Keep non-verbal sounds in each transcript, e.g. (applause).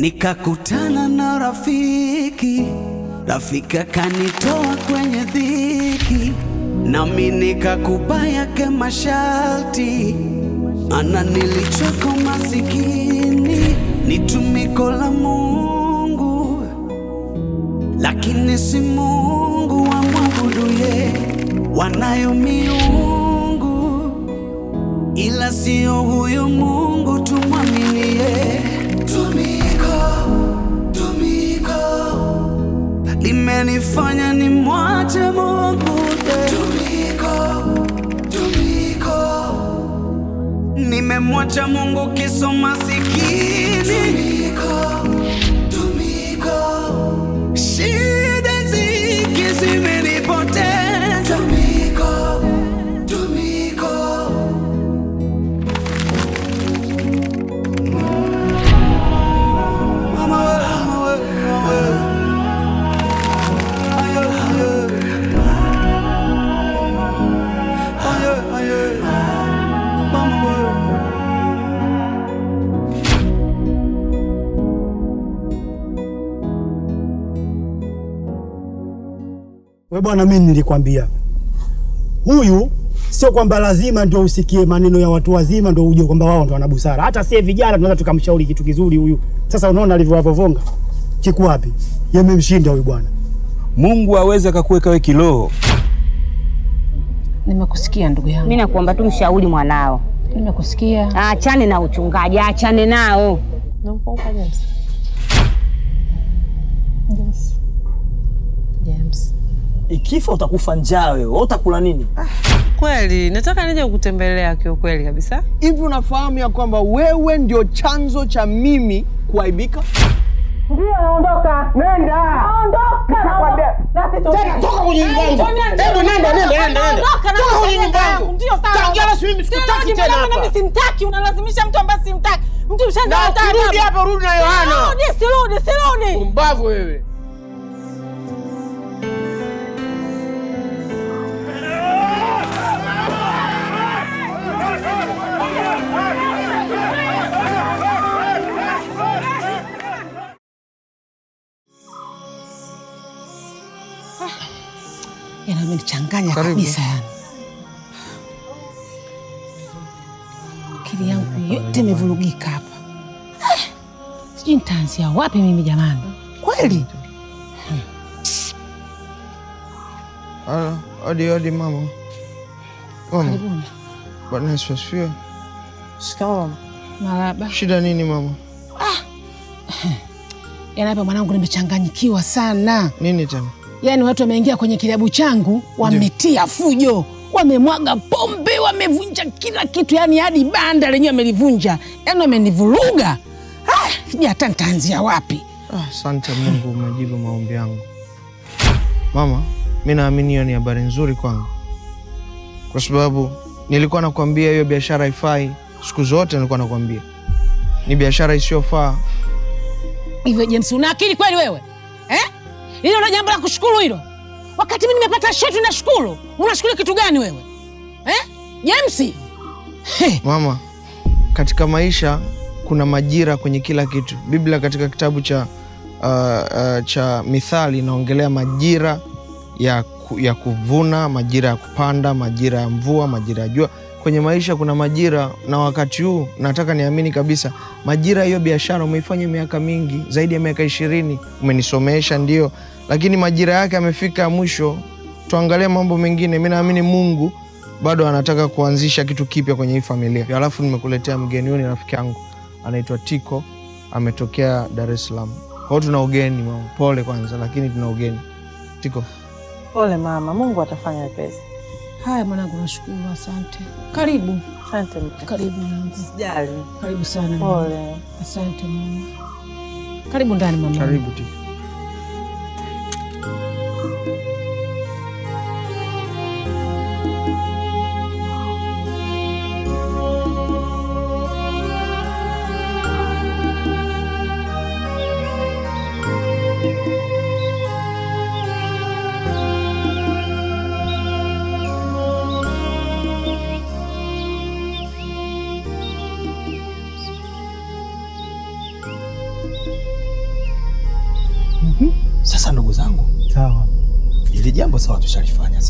Nikakutana na rafiki, rafiki akanitoa kwenye dhiki, nami nikakupa yake masharti, maana nilichoka masikini, ni tumiko la Mungu, lakini si Mungu wamwabuduye, wanayo miungu, ila siyo huyo Mungu tumwaminie limenifanya ni mwache Mungu tumiko tumiko, nimemwacha Mungu kiso masikini tumiko tumiko We bwana, mimi nilikwambia huyu sio kwamba lazima ndio usikie maneno ya watu wazima ndio uje kwamba wao ndio wana busara. Hata sie vijana tunaweza tukamshauri kitu kizuri huyu. Sasa unaona alivyowavovonga kiko wapi? Yamemshinda huyu bwana. Mungu aweze akakuweka wewe kiroho. Nimekusikia ndugu yangu. Mimi nakuomba tu mshauri mwanao. Nimekusikia. Aachane na uchungaji, aachane nao. Yes. Ikifa utakufa njaa wewe, wewe utakula nini? Ah, kweli nataka nije kukutembelea kiukweli kabisa. Hivi unafahamu ya kwamba wewe ndio chanzo cha mimi kuaibika? Ndio, naondoka. Nenda. Naondoka. Nakwambia. Tena toka kwenye nyumba yangu. Hebu nenda, nenda, nenda. Toka kwenye nyumba yangu. Ndio sawa. Kaongea na mimi sikutaki tena hapa. Mimi simtaki, unalazimisha mtu ambaye simtaki. Mtu ushaanza kutaka. Rudi hapo, rudi na Yohana. Rudi, sirudi, sirudi. Mbavu wewe. umenichanganya kabisa, yani akili yangu yote imevurugika hapa. Eh, sijui nitaanzia wapi mimi jamani, kweli hadi hadi Mama, Bwana Yesu asifiwe. Shikamoo maraba. Shida nini mama? Ah, Yanapo mwanangu, nimechanganyikiwa sana. Nini tena? yani watu wameingia kwenye kilabu changu wametia fujo, wamemwaga pombe, wamevunja kila kitu, yani hadi banda lenyewe wamelivunja, yani wamenivuruga. Ah, sijui hata nitaanzia wapi. Ah, asante ah, Mungu umejibu maombi yangu. Mama, mi naamini hiyo ni habari nzuri kwangu, kwa sababu nilikuwa nakwambia hiyo biashara haifai. Siku zote nilikuwa nakwambia ni biashara isiyofaa. Hivyo James, una akili kweli wewe eh? Hilo ndio jambo la kushukuru hilo. Wakati mimi nimepata shoti na shukuru. Unashukuru kitu gani wewe? Eh? James. Hey. Mama, katika maisha kuna majira kwenye kila kitu. Biblia katika kitabu cha uh, uh, cha Mithali inaongelea majira ya, ku, ya kuvuna, majira ya kupanda, majira ya mvua, majira ya jua kwenye maisha kuna majira, na wakati huu nataka niamini kabisa majira hiyo biashara umeifanya miaka mingi, zaidi ya miaka ishirini, umenisomesha ndio, lakini majira yake amefika mwisho. Tuangalie mambo mengine. Mi naamini Mungu bado anataka kuanzisha kitu kipya kwenye hii familia. alafu nimekuletea mgeni, huyu ni rafiki yangu anaitwa Tiko, ametokea Dar es Salaam. tuna ugeni mama. Pole kwanza, lakini tuna ugeni Tiko. Pole mama, Mungu atafanya pesa Haya mwanangu, nashukuru, asante. Karibu. Asante mke. Karibu mwanangu. Sijali. Karibu sana. Pole. Asante mama. Karibu ndani mama. Karibu tiki.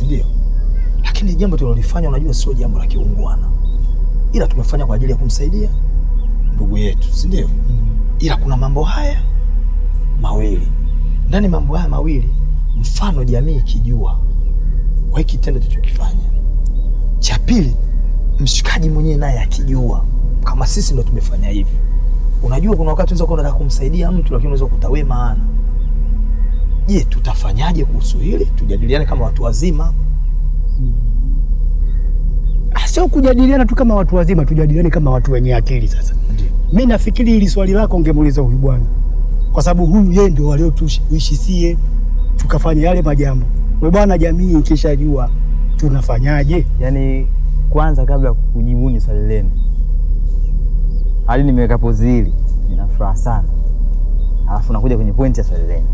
si ndio? Lakini jambo tulilofanya unajua sio jambo la kiungwana, ila tumefanya kwa ajili ya kumsaidia ndugu yetu, si ndio? Mm-hmm. Ila kuna mambo haya mawili ndani, mambo haya mawili mfano jamii ikijua kwa hiki kitendo tulichokifanya, cha pili mshikaji mwenyewe naye akijua kama sisi ndo tumefanya hivi. Unajua, kuna wakati unaweza kuwa unataka kumsaidia mtu, lakini unaweza kuta we maana Je, tutafanyaje kuhusu hili? Tujadiliane kama watu wazima, ah, sio kujadiliana tu kama watu wazima, tujadiliane kama watu wenye akili. Sasa mi nafikiri hili swali lako ungemuuliza huyu bwana, kwa sababu huyu yeye ndio waliotuishisie tukafanya yale majambo. We bwana, jamii ikishajua tunafanyaje? Yaani kwanza kabla ya kujibuni swali lenu, hadi nimeweka pozili, nina furaha sana, alafu nakuja kwenye pointi ya swali lenu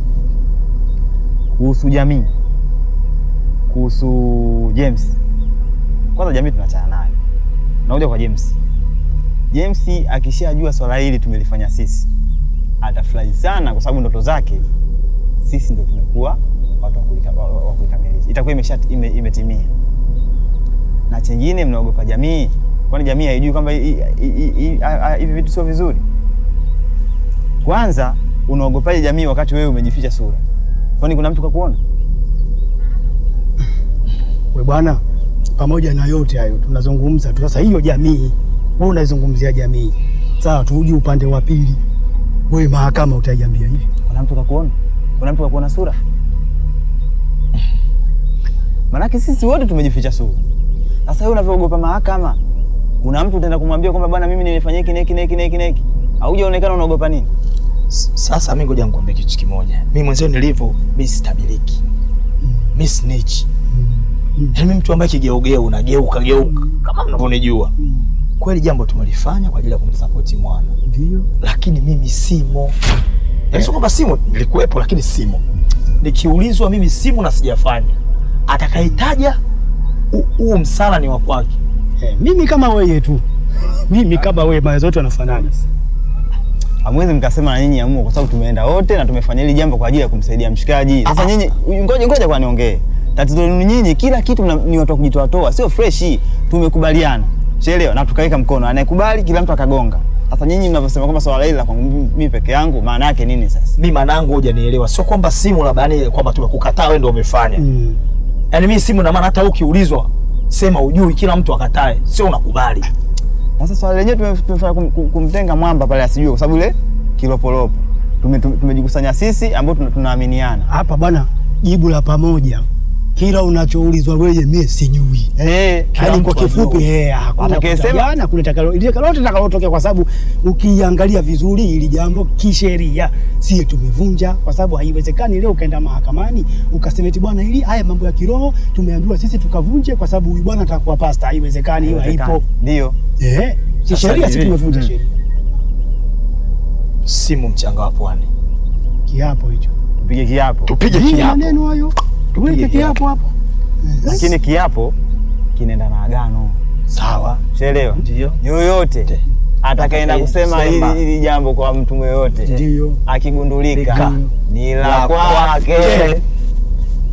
kuhusu jamii, kuhusu James. Kwanza jamii tunachana nayo, nakuja kwa James. James akishajua swala hili tumelifanya sisi, atafurahi sana, kwa sababu ndoto zake sisi ndo tumekuwa watu wa kuikamilisha, itakuwa ime, imetimia. Na chengine mnaogopa jamii, kwani jamii haijui kwamba hivi vitu sio vizuri? Kwanza unaogopaje jamii wakati wewe umejificha sura? Kwani kuna mtu kakuona? (sighs) We bwana, pamoja na yote hayo tunazungumza tu sasa, hiyo jamii wewe unaizungumzia jamii, sawa? Tuuji upande wa pili, wewe mahakama utaiambia hivi, kuna mtu kakuona? Kuna mtu kakuona sura? (sighs) Maanake sisi wote tumejificha sura. Sasa wewe unavyoogopa mahakama, kuna mtu utaenda kumwambia kwamba bwana, mimi nimefanya hiki na hiki na hiki na hiki, haujaonekana, unaogopa nini? Sasa mimi ngoja nikwambie kitu kimoja, mimi mwenzio nilivyo, mi sitabiliki, mimi snitch. Mm. Yaani mimi mtu ambaye kigeugeu unageuka geuka mm. kama mnavyonijua. Mm. Kweli jambo tumelifanya kwa ajili ya kumsupport mwana, ndio, lakini mimi simo. Yaani sio eh. kwamba simo, nilikuwepo lakini simo. Nikiulizwa mimi simu na sijafanya, atakaitaja huu msala ni wa kwake. Hey, eh, mimi kama wewe tu (laughs) mimi kama wewe mawazo yote yanafanana. Hamwezi mkasema na nyinyi amua, kwa sababu tumeenda wote na tumefanya hili jambo kwa ajili ya kumsaidia mshikaji. Sasa nyinyi, ngoja ngoja, kwa niongee tatizo ni nyinyi, kila kitu ni watu wa kujitoatoa, sio fresh. Tumekubaliana shelewa na tukaweka mkono, anayekubali kila mtu akagonga. Sasa nyinyi mnavyosema kwamba swala hili la kwangu mimi peke yangu, maana yake nini? Sasa mimi maana yangu hujanielewa, sio kwamba simu labda, yani kwamba tumekukataa wewe ndio umefanya mm. Yani mimi simu na maana, hata ukiulizwa sema ujui, kila mtu akatae, sio unakubali sasa swali lenyewe tumefanya kumtenga mwamba pale asijue, kwa sababu ile kilopolopo tumejikusanya sisi ambao tunaaminiana hapa bwana, jibu la pamoja kila unachoulizwa wewe, mimi sijui eh, yani kwa kifupi eh, hakuna jana yaani kuna takalo ile kalote takalotokea, kwa sababu ukiangalia vizuri ili jambo kisheria sie tumevunja, kwa sababu haiwezekani leo ukaenda mahakamani ukasema eti bwana, ili haya mambo ya kiroho tumeambiwa sisi tukavunje, kwa sababu huyu bwana atakuwa pasta. Haiwezekani, hiyo haipo. Ndio eh, kisheria sisi tumevunja hmm. sheria. Simu mchanga wa pwani, kiapo hicho, tupige kiapo, tupige kiapo, neno hayo kiapo hapo, lakini kiapo kinaenda na agano. Sawa, umeelewa? Ndio, yoyote atakaenda kusema hili hili jambo kwa mtu yoyote, ndio akigundulika ni la kwake.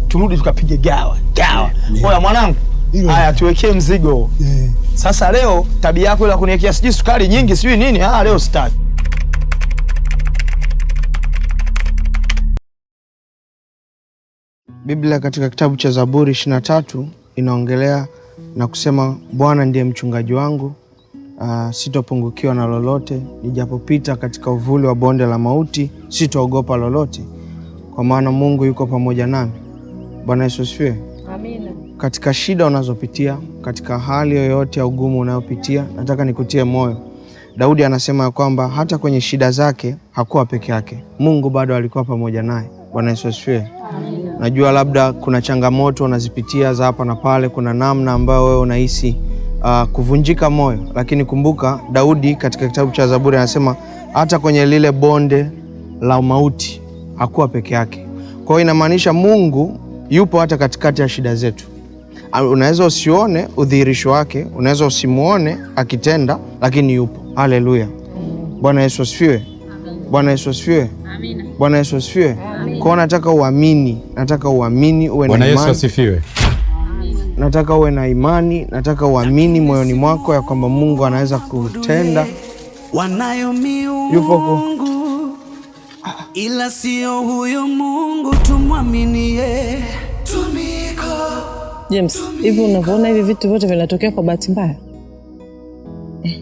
Turudi tukapige gawa gawa. Oya mwanangu, haya tuwekee mzigo eh. sasa. Leo tabia yako ila kuniwekea sijui sukari nyingi sijui nini, ah, leo sitaki. Biblia katika kitabu cha Zaburi ishirini tatu inaongelea na kusema, Bwana ndiye mchungaji wangu, uh, sitopungukiwa na lolote. Nijapopita katika uvuli wa bonde la mauti, sitaogopa lolote, kwa maana Mungu yuko pamoja nami. Bwana Yesu asifiwe. Katika shida unazopitia, katika hali yoyote ya ugumu unayopitia, nataka nikutie moyo. Daudi anasema ya kwamba hata kwenye shida zake hakuwa peke yake, Mungu bado alikuwa pamoja naye. Bwana Yesu asifiwe. Najua labda kuna changamoto unazipitia za hapa na pale, kuna namna ambayo wewe unahisi uh, kuvunjika moyo, lakini kumbuka Daudi katika kitabu cha Zaburi anasema hata kwenye lile bonde la mauti hakuwa peke yake. Kwa hiyo inamaanisha Mungu yupo hata katikati ya shida zetu. Unaweza usione udhihirisho wake, unaweza usimuone akitenda, lakini yupo. Haleluya, Bwana Yesu asifiwe. Bwana Yesu asifiwe. Amina. Bwana Yesu asifiwe. Kwa nataka uamini, nataka uamini uwe na imani. Bwana Yesu asifiwe. Amina. Nataka uwe na imani, nataka uamini moyoni mwako ya kwamba Mungu anaweza kutenda. Wanayo miungu ila sio huyo Mungu, tumwaminie. Tumiko. James, hivi unavyoona hivi vitu vyote vinatokea kwa bahati mbaya eh?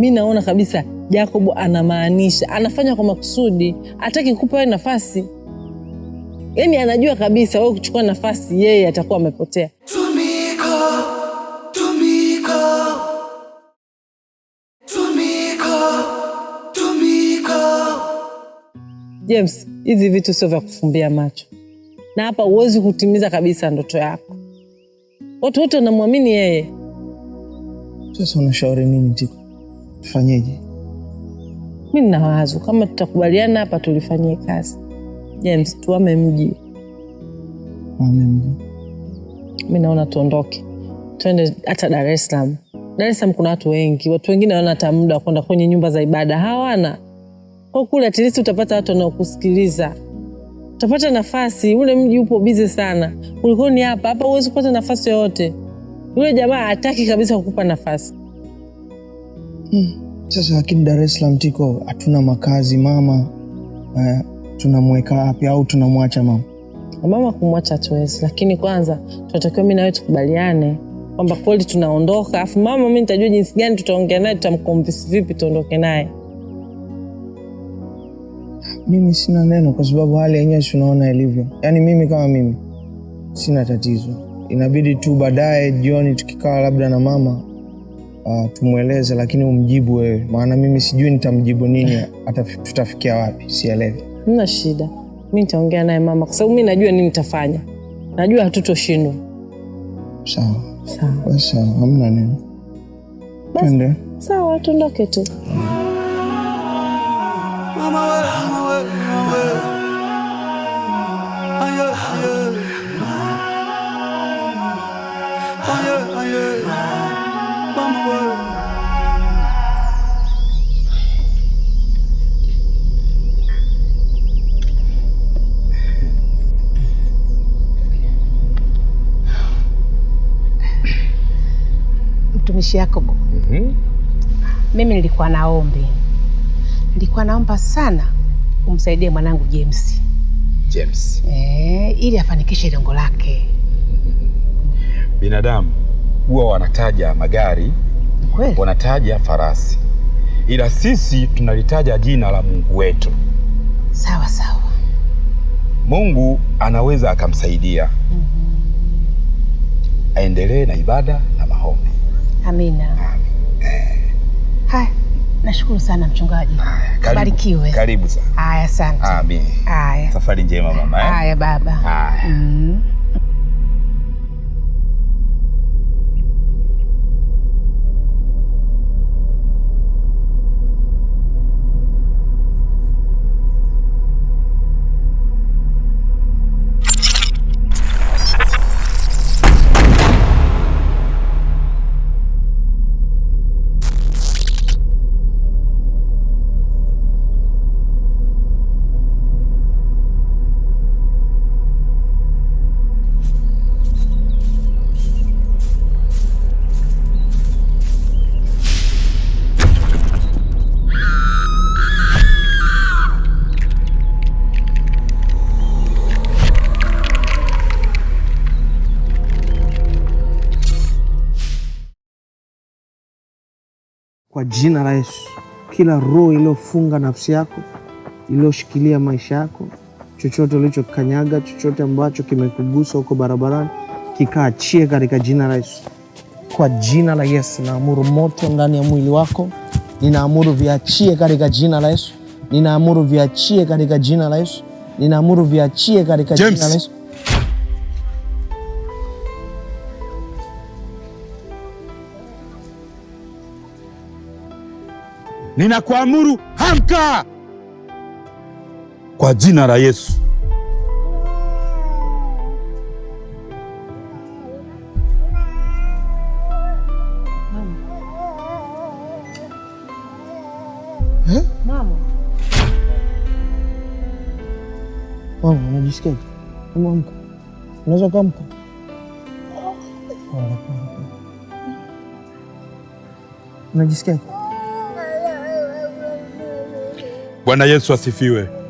Mi naona kabisa Jacob anamaanisha, anafanya kwa makusudi, ataki kukupa wewe nafasi. yani anajua kabisa wewe kuchukua nafasi, yeye atakuwa amepotea. Tumiko, Tumiko, Tumiko, Tumiko. James, hizi vitu sio vya kufumbia macho, na hapa huwezi kutimiza kabisa ndoto yako. Watu wote wanamwamini yeye. Sasa unashauri nini Tiko, tufanyeje? mi nina wazo kama tutakubaliana hapa tulifanyie kazi. James, tuame mji. Mi naona tuondoke tuende hata Dar es Salaam. Dar es Salaam kuna watu wengi, watu wengine hawana hata muda wa kwenda kwenye nyumba za ibada, hawana kwa kule. At least utapata watu wanaokusikiliza, utapata nafasi. Ule mji upo bize sana kulikoni hapa. Hapa huwezi kupata nafasi yoyote. Yule jamaa hataki kabisa kukupa nafasi hmm. Sasa lakini Dar es Salaam tiko, hatuna makazi mama, eh, tunamweka wapi au tunamwacha mama? Mama kumwacha hatuwezi, lakini kwanza tunatakiwa mimi na wewe tukubaliane kwamba kweli tunaondoka, afu mama, mimi nitajua jinsi gani tutaongea naye, tutamkomvisi vipi tuondoke naye. Mimi sina neno, kwa sababu hali yenyewe si ilivyo. Yaani mimi kama mimi sina tatizo, inabidi tu baadaye jioni tukikaa labda na mama uh, tumweleze, lakini umjibu wewe, maana mimi sijui nitamjibu nini, hata tutafikia wapi sielewi. Mna shida, mi nitaongea naye mama, kwa sababu mi najua nini nitafanya, najua hatutoshindwa. Sawa sawa sawa, hamna nini, twende. Sawa, tuondoke tu mama. Yakobo, mm -hmm. Mimi nilikuwa naombi, nilikuwa naomba sana umsaidie mwanangu James, James. E, ili afanikishe lengo lake. (laughs) Binadamu huwa wanataja magari Kwele. wanataja farasi, ila sisi tunalitaja jina la Mungu wetu. Sawa sawa, Mungu anaweza akamsaidia, mm -hmm. aendelee na ibada na maombi. Amina. Eh. Hai. Nashukuru sana mchungaji. Haya, barikiwe. Karibu sana. Haya, asante. Amin. Haya. Safari njema mama. Haya baba. Haya. Mm. jina la Yesu, kila roho iliyofunga nafsi yako, iliyoshikilia maisha yako, chochote ulichokanyaga, chochote ambacho kimekugusa huko barabarani, kikaachie katika jina la Yesu. Kwa jina la Yesu naamuru moto ndani ya mwili wako, ninaamuru viachie katika jina la Yesu, ninaamuru viachie katika jina la Yesu, ninaamuru viachie katika jina la Yesu. ninakuamuru hamka kwa jina la Yesu. Mama, Mama. unajisikia? Unajisikia? Bwana Yesu asifiwe.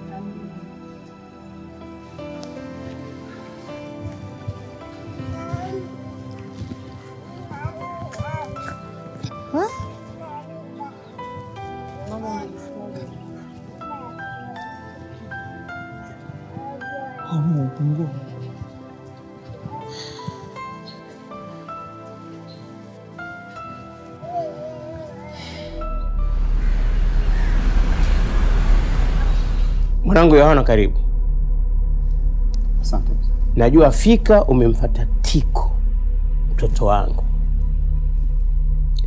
huyo hawana karibu. Asante. Najua fika umemfata Tiko mtoto wangu.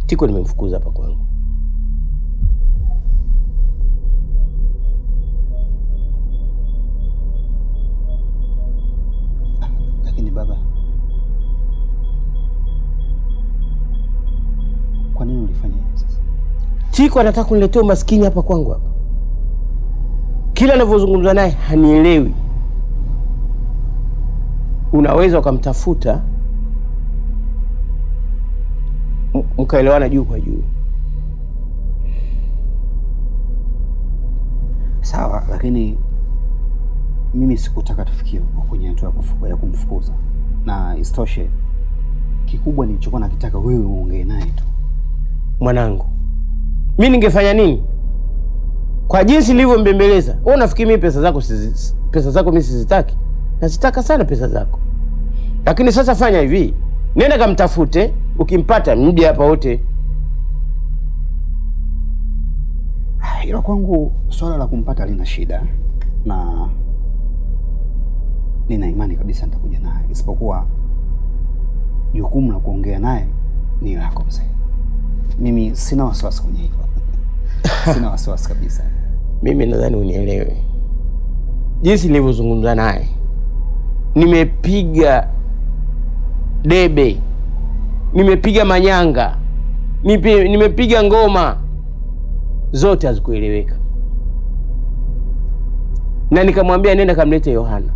Tiko nimemfukuza hapa kwangu. Lakini baba, kwa nini ulifanya hivyo sasa? Tiko anataka kuniletea umaskini hapa kwangu hapa kila anavyozungumza naye hanielewi. Unaweza ukamtafuta mkaelewana juu kwa juu, sawa, lakini mimi sikutaka tufikie kwenye hatua ya kumfukuza, na isitoshe kikubwa nilichokuwa nakitaka wewe uongee naye tu. Mwanangu, mi ningefanya nini? kwa jinsi nilivyombembeleza. Wewe unafikiri mimi pesa zako sizi, pesa zako mimi sizitaki? Nazitaka sana pesa zako, lakini sasa fanya hivi, nenda kamtafute, ukimpata mje hapa wote. Ah, hilo kwangu swala la kumpata lina shida na nina imani kabisa nitakuja naye, isipokuwa jukumu la kuongea naye ni lako mzee. Mimi sina wasiwasi kwenye hilo, (laughs) sina wasiwasi kabisa. Mimi nadhani unielewe jinsi nilivyozungumza naye. Nimepiga debe, nimepiga manyanga, nimepiga ngoma, zote hazikueleweka, na nikamwambia nenda kamlete Yohana.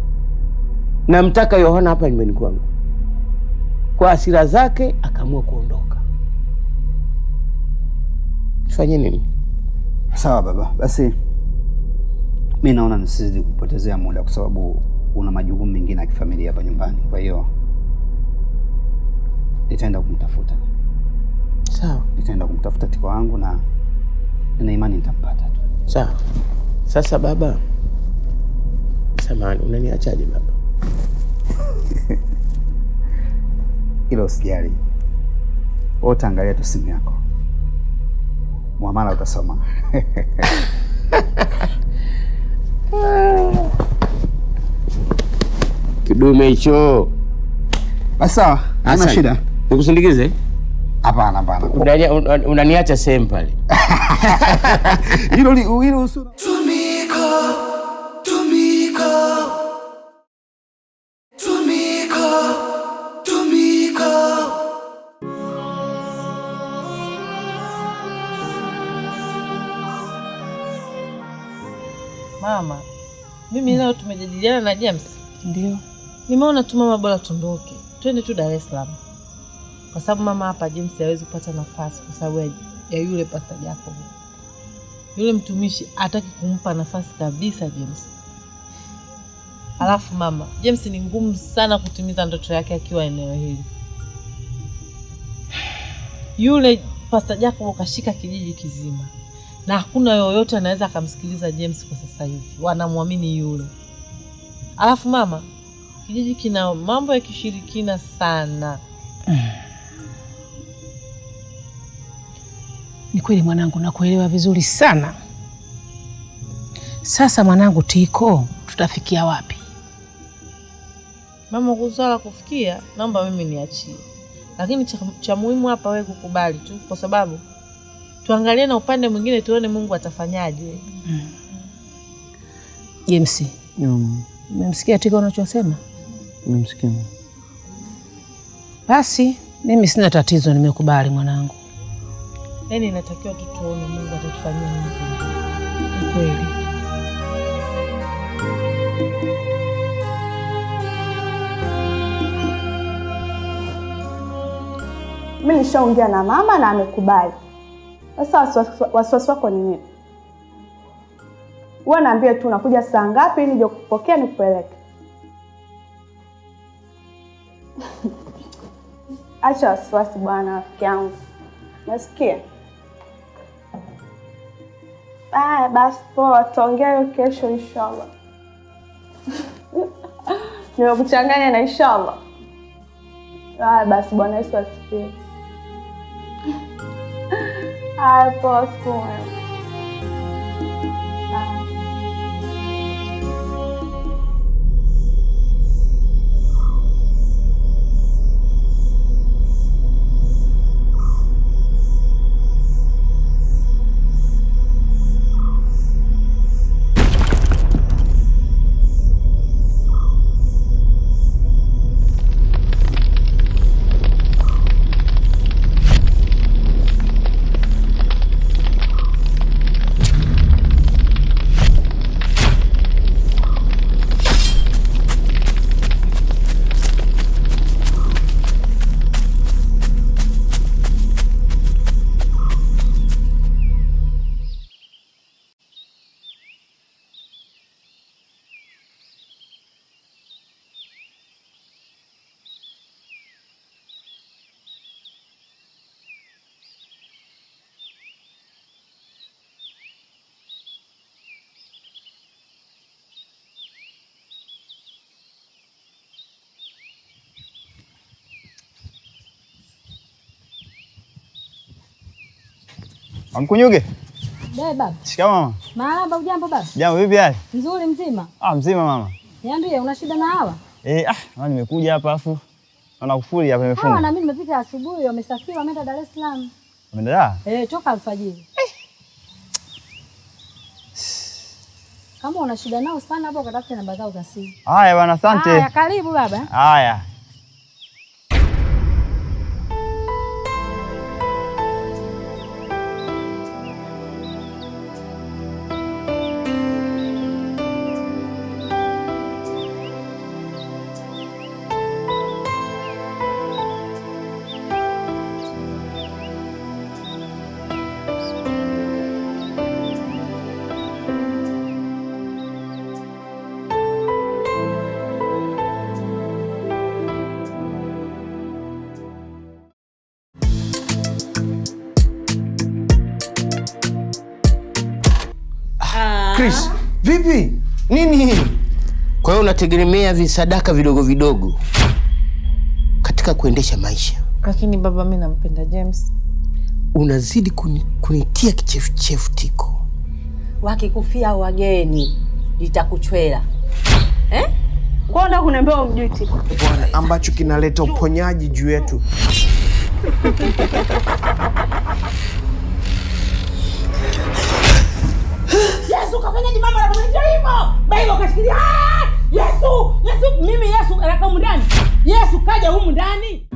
Namtaka Yohana hapa nyumbani kwangu. Kwa hasira zake akaamua kuondoka. Tufanye nini? Sawa baba, basi mi naona nisizidi kupotezea muda, kwa sababu una majukumu mengine ya kifamilia hapa nyumbani. Kwa hiyo nitaenda kumtafuta, sawa? Nitaenda kumtafuta tiko wangu na nina imani nitampata tu, sawa? Sasa baba, samani, unaniachaje baba? (laughs) ilo usijali, wewe utaangalia tu simu yako, mwamala utasoma (laughs) Ah. Kidume hicho. Basi sawa, hana shida. Nikusindikize? Hapana, hapana. Unaniacha sehemu pale. (laughs) Hilo hilo usura. Mama, mimi hmm. leo tumejadiliana na James. Ndio. Nimeona tu mama, bora tuondoke twende tu Dar es Salaam, kwa sababu mama, hapa James hawezi kupata nafasi kwa sababu ya yule Pastor Jacob. Yule mtumishi hataki kumpa nafasi kabisa James. Alafu mama, James ni ngumu sana kutimiza ndoto yake akiwa eneo hili. Yule Pastor Jacob kashika kijiji kizima na hakuna yoyote anaweza akamsikiliza James kwa sasa hivi, wanamwamini yule. Alafu mama, kijiji kina mambo ya kishirikina sana. Ni kweli mwanangu, nakuelewa vizuri sana. Sasa mwanangu, tiko tutafikia wapi? Mama, kuzala kufikia, naomba mimi niachie, lakini cha, cha muhimu hapa wewe kukubali tu, kwa sababu tuangalie na upande mwingine tuone Mungu atafanyaje. Hmm. James, umemsikia Tiko unachosema? Nimemsikia. Basi mimi sina tatizo, nimekubali mwanangu. Yaani inatakiwa tu tuone Mungu atatufanyia nini kweli. Mimi nishaongea na mama na amekubali. Sasa wasiwasi wako ni nini? Wewe naambia tu unakuja saa ngapi nije kukupokea nikupeleke. (laughs) Acha wasiwasi bwana, rafiki yangu, nasikia. Ah, basi poa, tuongea hiyo kesho inshallah. (laughs) Nimekuchanganya na inshallah. Ah, basi Bwana Yesu asifiwe. I'll post poem. Mkunyuge. Baba. Shika mama. Marahaba, ujambo baba? Jambo, vipi hali? Nzuri mzima. Ah, mzima mama. Niambie, una shida na hawa? Eh, ah, nimekuja hapa afu naona kufuli hapa imefunga. Hawa na mimi nimepita asubuhi, wamesafiri wameenda Dar es Salaam. Wameenda da? Eh, toka alfajiri. Eh. Kama una shida nao sana hapo, ukatafute namba zao za simu. Haya bwana, asante. Haya, karibu baba. Haya. tunategemea visadaka vidogo vidogo katika kuendesha maisha. Lakini baba, mi nampenda James. Unazidi kuni, kunitia kichefuchefu Tiko. Wakikufia wageni litakuchwela eh? Mbona unaambiwa umjui Tiko? Bwana ambacho kinaleta uponyaji juu yetu Yesu, kafanyaje mama? Hivyo kashikilia Yesu, Yesu, mimi Yesu, kaja ndani. Yesu kaja humu ndani.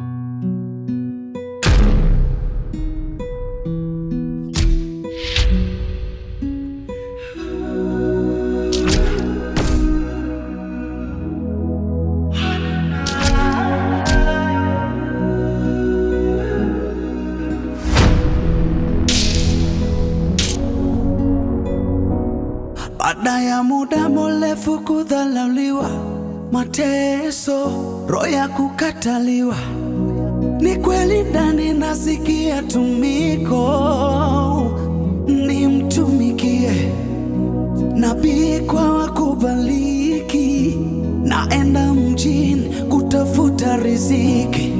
mateso, roho ya kukataliwa. Ni kweli ndani nasikia tumiko, nimtumikie nabii kwa wakubaliki, naenda mjini kutafuta riziki.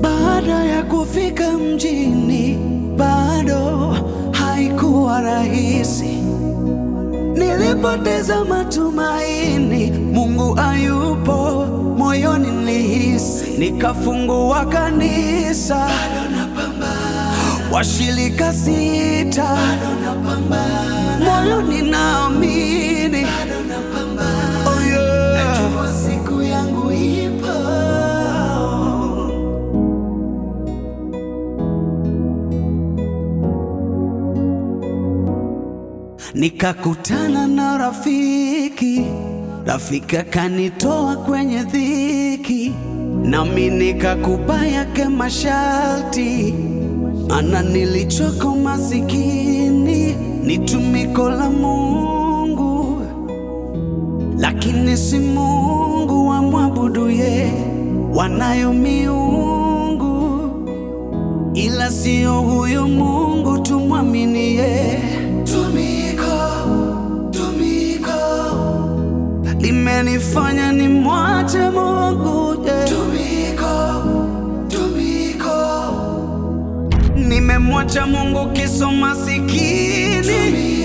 Baada ya kufika mjini, bado haikuwa rahisi, nilipoteza matu nikafungua kanisa, washirika sita, moyo ninaamini Nikakutana na rafiki, rafiki akanitoa kwenye dhiki nami nikakupa yake masharti, ana nilichoko masikini ni tumiko la Mungu, lakini si Mungu wa mwabuduye, wanayo miungu ila siyo huyo Mungu tumwaminiye Tumiko, tumiko limenifanya nimwache Mungu kumwacha Mungu kiso masikini